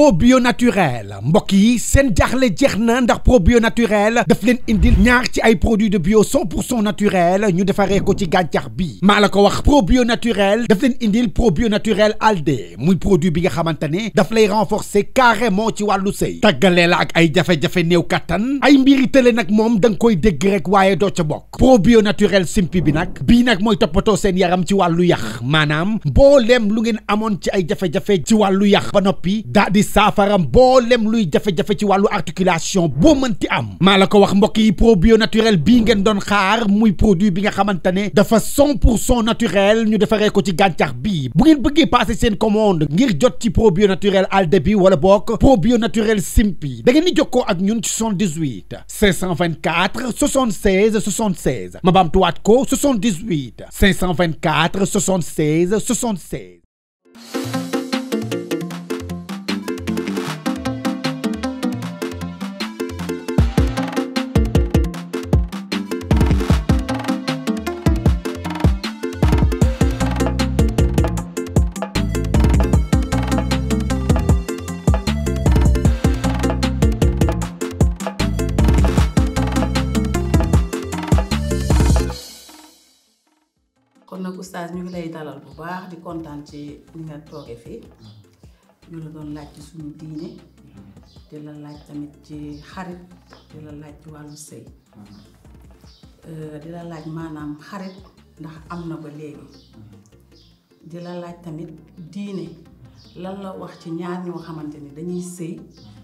probio naturel mbokk yi seen jaaxle jeex ndax probio naturel daf leen indil ñaar ci ay produits de bio 100 naturel ñu defaree ko ci gàncax bi naturel daf leen indil probio naturel alde muy produit bi nga xamantane daf lay renforcer carrément ci walu sey tagalé la ak ay jafé jafé new katan ay mbiri télé nag mom dang koy dégg rek probio naturel simpi bi nak bi nak moy topato seen yaram ci wàllu manam. bo lem lu ngeen amone ci ay panopi. jafé saafara mboolem luy jafé jafé ci walu articulation boo mënti am malako wax mbok yi probio naturel bi ngeen don xaar muy produit bi nga xamantane de dafa 100 pour naturel ñu defaree ko ci gàncax bi bu ngeen bëggé passer seen commande ngir jot ci probio naturel al début wala bokk probio naturel simpi da ngeen di jokkoo ak ñun ci 78 524 76 76 ma baamtuwaat ko 78 524 76 76. oustaz ñu ngi lay dalal bu baax di kontaan ci ni nga tooge fii ñu la doon laaj ci suñu diine di la laaj tamit ci xarit di la laaj ci wàllu sëy euh, di la laaj maanaam xarit ndax am na ba léegi di la laaj tamit diine lan la wax ci ñaar ñoo xamante ni dañuy sëy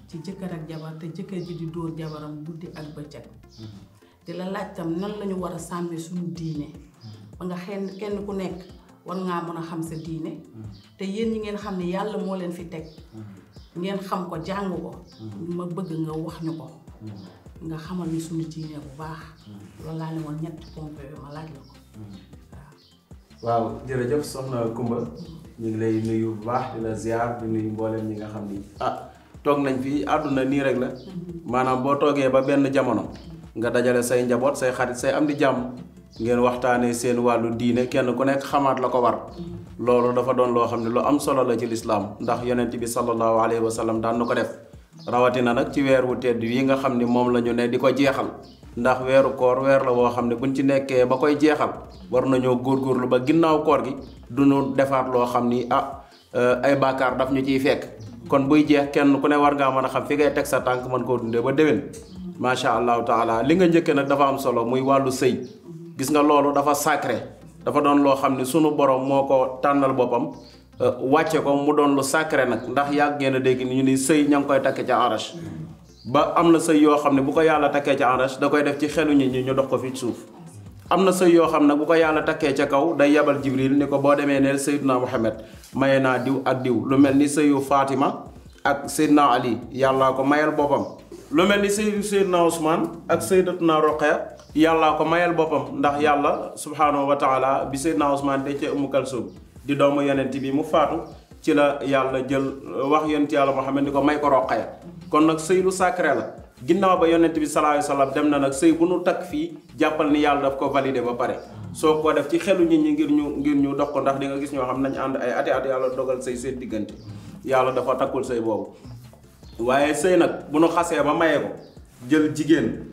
ci jëkkër ak jabar te jëkkër ji di dóor jabaram guddi ak bëccëg mm-hmm. di la laaj tam nan lañu war a sàmmee suñu diine ba nga xen kenn ku nekk wan ngaa mën a xam sa diine mm-hmm. te yéen ñi ngeen xam ni yàlla moo leen fi teg mm-hmm. ngeen xam ko jàng ko mm-hmm. ma bëgg nga wax ñu ko nga xamal ni suñu diine bu baax loolu laa ne woon ñetti pompe yooyu ma laaj la ko waaw jërëjëf soxna Kumba ñu ngi lay nuyu bu baax di la ziar di nuyu mboolem ñi nga xam ni ah toog nañ fii àdduna nii rek la maanaam boo toogee ba benn jamono nga dajale say njaboot say xarit say am di jàmm ngeen waxtaanee seen wàllu diine kenn ku nekk xamaat la ko war loolu dafa doon loo xam ne lu am solo la ci lislaam ndax yonent bi sallallahu alayhi wa sallam daan na ko def rawatina nag ci weer wu tedd yi nga xam ne moom la ñu ne di ko jeexal ndax weeru koor weer la woo xam ne buñ ci nekkee ba koy jeexal war nañoo góorgóorlu ba ginnaaw koor gi du duñu defaat loo xam ni ah eh, ay bàkkaar daf ñu ciy fekk kon buy jeex kenn ku ne war ngaa mën a xam fi ngay teg sa tànk mën koo dundee ba déwén macha allahu taala li nga njëkkee nag dafa am solo muy wàllu sëy gis nga loolu dafa sacré dafa doon loo xam ne sunu borom moo ko tànnal boppam euh, wàcce ko mu doon lu sacré nag ndax yàgg ngeen a dégg ni ñu ni sëy ña ngi koy takkee ca arache ba am na sëy yoo xam ne bu ko yàlla takkee ca arache da koy def ci xelu nit ñu dox ko fi suuf am na sëy yoo xam ne bu ko yàlla takkee ca kaw day yabal jibril ni ko boo demee neel sayyiduna muhammad maye naa diw ak diw lu mel ni sëyu fatima ak sayyiduna ali yàllaa ko mayal boppam lu melni ni Seydou Seydina Ousmane ak Seydatuna Roqaya yalla ko mayal bopam ndax yalla subhanahu wa taala bi Seydina Ousmane de ci Umu Kalsum di doomu yonenti bi mu faatu ci la yalla jël euh, wax yonenti yalla Muhammad diko may ko kon nak sëy sacré la ginnaw ba yonenti bi sallallahu alayhi wasallam dem na nak sëy bu nu takk fii jàppal ni yalla daf ko valider ba pare so ko def ci xelu nit ñi ngir ñu ngir ñu dox ko ndax di nga gis ñoo xam nañ and ay ati ati yalla dogal sey seen digënté yalla dafa takul sey bobu waye sey nak bu nu xasee ba maye ko jël jigen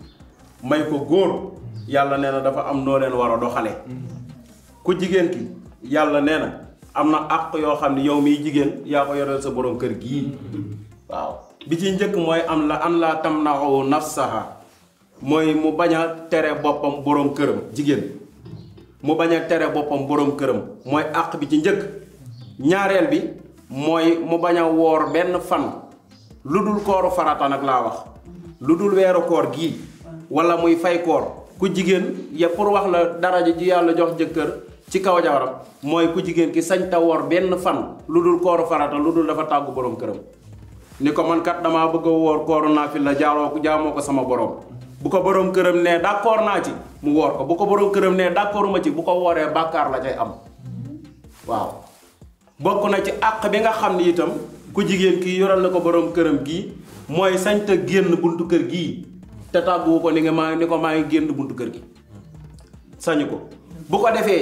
may ko gor yalla neena dafa am noo len waro doxale ku jigen ki yalla neena amna ak yo xamni yow mi jigen ya ko yoreel sa borom keur gi waaw bi ci njëkk moy am la an la tam nafsaha moy mu baña téré bopam borom keuram jigen mu baña téré bopam borom keuram moy ak bi ci ñaarel bi moy mu baña wor ben fan lu dul kooru farata nag laa wax lu dul weeru koor gii wala muy fay koor ku jigéen ya pour wax la daraja ji yàlla jox jëkkër ci kaw jawaram mooy ku jigéen ki sañ ta woor benn fan lu dul kooru farata lu dul dafa tàggu borom këram ni ko man kat damaa bëgg woor kooru naa fi la jaaroo ko jaamoo ko sama borom bu ko borom këram ne d'accord naa ci mu woor ko bu ko borom këram ne d'accord ma ci bu ko wooree bàkkaar la cay am waaw bokk na ci àq bi nga xam ni itam ku jigen ki yoral nako borom kërëm gi moy sañta genn buntu kër gi te tàgguwu ko ni nga ma ni ko ma ngi buntu kër gi sañu ko bu ko defé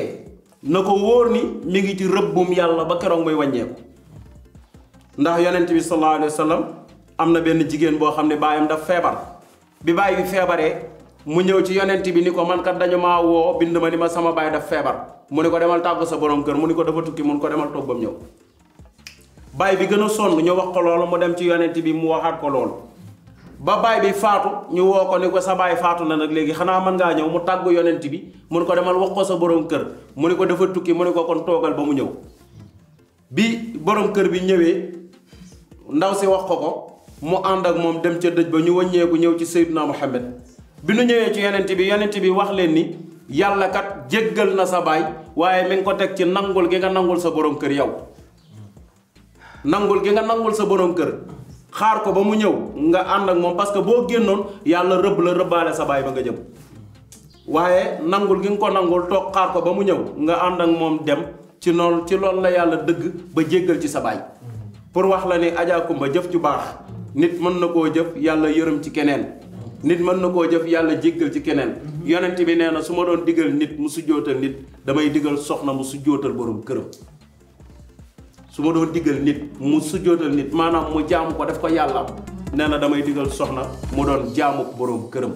nako wor ni mi ngi ci rebbum yalla ba moy muy ko ndax yonent bi sallallahu alayhi wasallam amna ben na bo jigéen bayam da ne bi baay bi febaré mu ñew ci yonent bi ni man kat dañu maa woo ma ni ma sama baay da febar mu ni ko demal tagu sa borom kër mu ni ko dafa tukki ko demal toog bam baay bi gën a sonn ñu wax ko loolu mu dem ci yonent bi mu waxaat ko loolu ba baay bi faatu ñu woo ko ni ko sa baay faatu na nag léegi xanaa mën ngaa ñëw mu tàggu yonent bi mu ne ko demal wax ko sa borom kër mu ne ko dafa tukki mu ne ko kon toogal ba mu ñëw bi borom kër bi ñëwee ndaw si wax ko ko mu ànd ak moom dem ca dëj ba ñu wëññeeku ñëw ci naa Seydina Muhammad bi nu ñëwee ci yonent bi yonent bi wax leen ni yàlla kat jéggal na sa baay waaye mi ngi ko teg ci nangul gi nga nangul sa borom kër yow nangul gi nga nangul sa borom kër xaar ko ba mu ñëw nga ànd ak moom parce que boo génnoon yàlla rëbb la rëbbaale sa baay ba nga jëm waaye nangul gi nga ko nangul toog xaar ko ba mu ñëw nga ànd ak moom dem ci noonu ci loolu la yàlla dëgg ba jéggal ci sa baay pour wax la ni Adja jëf ju baax nit mën na koo jëf yàlla yërëm ci keneen nit mën na koo jëf yàlla jéggal ci keneen yonent bi nee na su doon digal nit mu sujjootal nit damay digal soxna mu sujjootal borom këram su ma doon digal nit mu sujjootal nit manam mu jaamu ko def ko yalla neena damay digal soxna mu doon jaamu borom keureum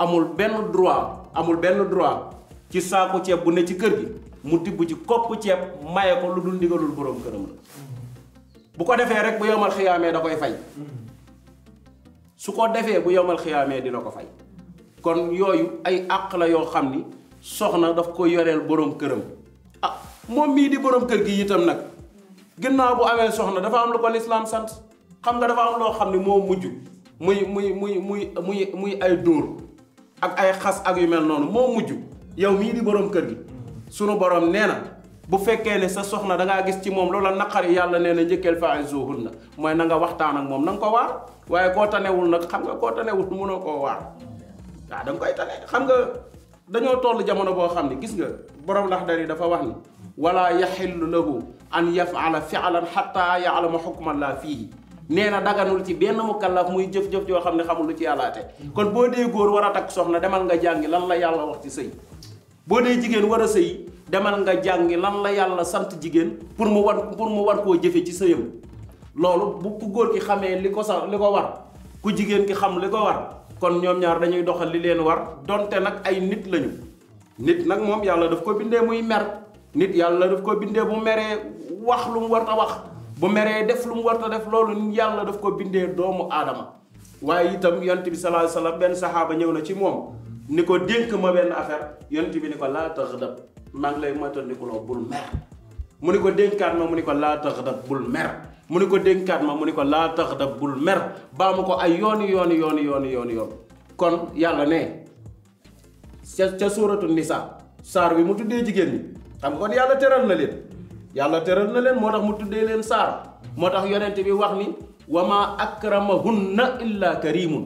amul benn droit amul benn droit ci saaku ceeb bu ne ci kër gi mu tibb ci kopp ceeb maye ko lu dul ndigalul boroom këram la bu ko defee rek bu yomal xiyaamee da koy fay su ko defee bu yomal xiyaamee dina ko fay kon yooyu ay àq la yoo xam ni soxna daf ko yoreel boroom këram ah moom mii di borom kër gi itam nag ginnaaw bu amee soxna dafa am lu ko lislaam sant xam nga dafa am loo xam ni moo mujj muy muy muy muy muy muy ay dóor ak ay xas ak yu mel noonu moo mujj yow mii di borom kër gi sunu borom nee na bu fekkee ne sa soxna da ngaa gis ci moom loola naqari yàlla nee na njëkkeel fa'izuhun na mooy na nga waxtaan ak moom na nga ko waar waaye koo tanewul nag xam nga koo tanewul mënoo koo waar waaw da nga koy tane xam nga dañoo toll jamono boo xam ne gis nga borom ndax dari dafa wax ni wala yaxillu lahu an yafala fi'lan xatta ya'lama xukma la fiihi nee na daganul ci benn mukallaf muy jëf-jëf jo xamne xamul lu ci kon bo dee góor wara tak soxna demal nga jangi lan la yalla wax ci sey bo dee jigen wara sey demal nga jangi lan la yalla sant jigen. pour mu war pour mu war ko jëfé ci seyam lolu bu ku góor ki xamé liko sa war ku jigen ki xam liko war kon ñom ñaar dañuy doxal li leen war donte nak ay nit lañu nit nak moom yalla daf ko bindé muy mer nit yalla daf ko mere. bu méré wax lu mu war wax bu meree def lu mu war def loolu yàlla daf ko bindee doomu aadama waaye itam yont bi sallallahu alayhi wasallam benn saxaaba ñëw na ci moom ni ko dénk ma benn affaire yont bi ni ko laa taxadab maa ngi lay moytandikuloo bul mer mu ni ko dénkaat ma mu ni ko laa taxadab bul mer mu ni ko dénkaat ma mu ni ko laa taxadab bul mer baa ko ay yooni yooni yooni yooni yooni yoon kon yàlla ne ca ca suuratu nisa saar bi mu tuddee jigéen ñi xam kon yàlla teral na leen yalla teral na len motax mu tuddé len sar motax tax yonent bi wax ni wama akramahunna illa karimun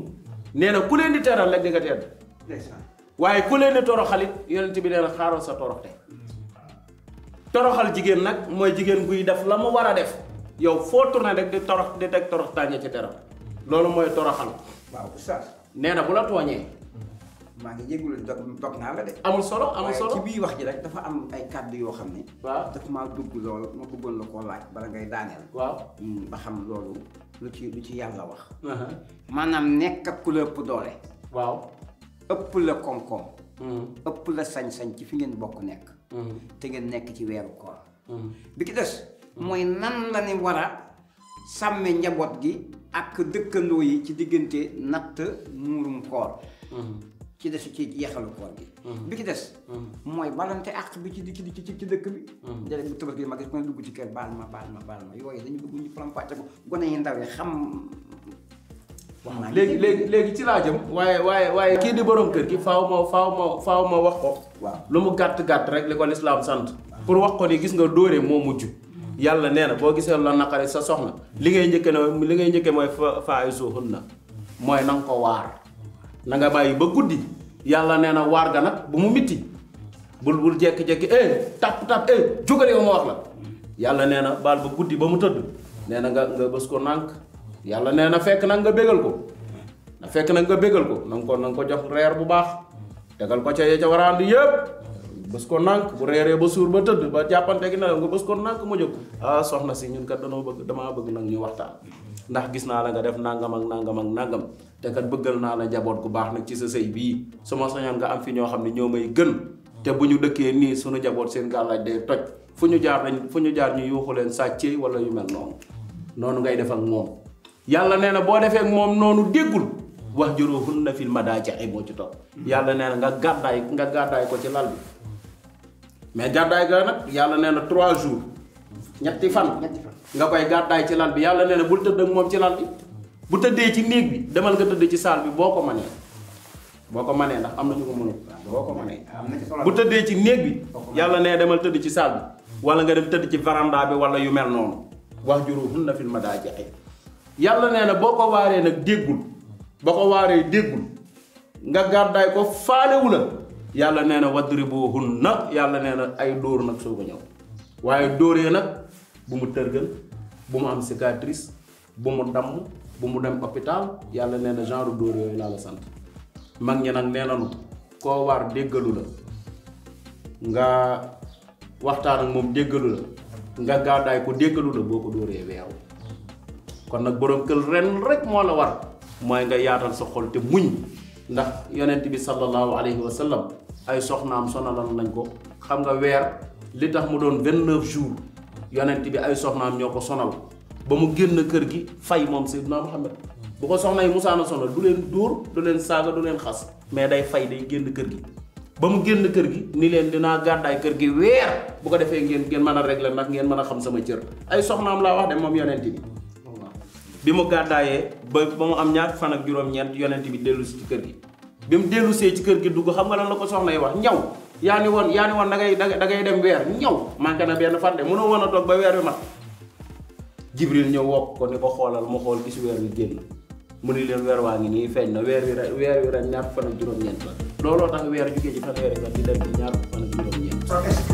neena ku len di teral rek di nga tedd waye ku len di toroxalit yonent bi len xaro sa torox toroxte toroxal jigen nak moy jigen buy def lama wara def yow fo tourné rek di torox di tek torox tañ ci teral lolu moy toroxal waaw nee neena bu la toñé maa ngi jégalu toog toog naa la de. amul solo amul solo ci biir wax ji rek dafa am ay kàddu yoo xam ne. waaw dafa maa dugg loolu ma bëggoon la koo laaj bala ngay daaneel. waaw hmm, ba xam loolu lu ci lu ci yàlla wax. Uh-huh. maanaam nekk ak ku la ëpp doole. waaw ëpp la koom-koom. Hmm. ëpp la sañ-sañ ci fi ngeen bokk nekk. Hmm. te ngeen nekk ci weeru koor. bi ki des. mooy nan la ni war a sàmme njaboot gi ak dëkkandoo yi ci diggante natt muurum koor. ci des ci yeexalu koor gi mm-hmm. bi ki des mm-hmm. mooy balante àq bi ci ci ci ci dëkk bi léeg-léeg mm-hmm. bu tabaski ma gis ku ne dugg ci kër baal ma baal ma baal ma yooyu dañu bëgg ñu faram-fàcce ko gone yi ndaw yi xam wax naa léegi léegi léegi ci laa jëm waaye waaye waaye kii di borom kër gi faaw ma faaw ma faaw ma wax ko waaw lu mu gàtt-gàtt rek li ko lislaam sant pour wax ko ni gis nga dóore moo mujj yàlla nee na boo gisee la naqari sa soxna li ngay njëkke ne li ngay njëkke mooy fa faay suuxun na mooy na nga ko waar na nga bayyi ba guddi yalla neena war ga nak bu mu miti bul bul jek jek eh tap tap eh jógal yow ma wax la yalla neena bal ba guddi ba mu tëdd neena nga nga bes ko nànk yàlla nee na fekk nga begal ko na fekk na nga begal ko nang ko nang ko jox reer bu baax tegal ko ca ye ya ca waral di yeb bes ko nank bu reeree ba sur ba tëdd ba jappante gi na nga bes ko nank mo ah soxna si ñun kat dañu bëgg dama bëgg nak ñu waxtaan ndax gis naa la nga def nangam ak nangam ak nangam te kat bëggal naa la njaboot gu baax nag ci sa sëy bii su sañoon nga am fi ñoo xam ne may gën te bu ñu dëkkee nii sunu njaboot seen gàllaaj day toj fu ñu jaar nañ fu ñu jaar ñu yuuxu leen sàccee wala yu mel noonu noonu ngay def ak moom yàlla nee na boo defee ak moom noonu déggul wax juróohun na fil ay moo ci topp yàlla nee na nga gàddaay nga gàddaay ko ci lal bi mais gàddaay ga nag yàlla nee na jours ñetti fan nga koy gàddaay ci lal bi yàlla nee na bul tëdd ak moom ci lal bi bu tëddee ci néeg bi demal nga tëdd ci saal bi boo ko mënee boo ko mënee ndax am na ñu ko ah, boo ko mënee ah, bu tëddee ci néeg bi yàlla nee demal tëdd ci saal bi wala nga dem tëdd ci varanda bi wala yu mel noonu wax juróom na fil daa jexe yàlla nee na boo ko waaree nag déggul boo ko waaree déggul nga gàddaay ko faalewu la yàlla nee na wadribuhunna yàlla nee na ay dóor nag soo ko nag bu mu tërgal bu mu am cicatrice bu mu damm bu mu dem hôpital yàlla nee na genre dóor yooyu laa la sant mag ñi nag nee nañu koo waar déggalu la nga waxtaan ak moom déggalu la nga gaadaay ko déggalu la boo ko dóoree weew kon nag borom kël ren rek moo la war mooy nga yaatal sa xol te muñ ndax yonent bi sallallahu alayhi wa sallam ay soxnaam sonalan lañ ko xam nga weer li tax mu doon vingt-neuf yonent bi ay soxnam ñoko sonal ba mu genn kër gi fay mom sayyidna Muhammad bu ko soxnay musa na sonal du len dur du len saga du len xas mais day fay day genn kër gi ba mu genn kër gi ni len dina gaday kër gi weer bu ko defé genn genn mën régler nak genn mën xam sama cër ay soxnam la wax dem mom yonent bi bi mu gàddaayee ba ba mu am ñaar fan ak juroom ñent yonent bi delu ci kër gi bi mu dellusee ci kër gi dug xam nga lan la ko soxnay wax ñaw yaa ni woon yaa ni woon da ngay da ngay dem weer ñëw manqué na benn fan de mënoo woon a toog ba weer bi mat Jibril ñëw wokk ko ni ko xoolal mu xool gis weer wi génn mu ni leen weer waa ngi nii feeñ na weer wi rek weer wi rek ñaar fan ak juróom-ñeent la looloo tax weer jugee ci fanweeri fan di dem ci ñaar fan ak juróom-ñeent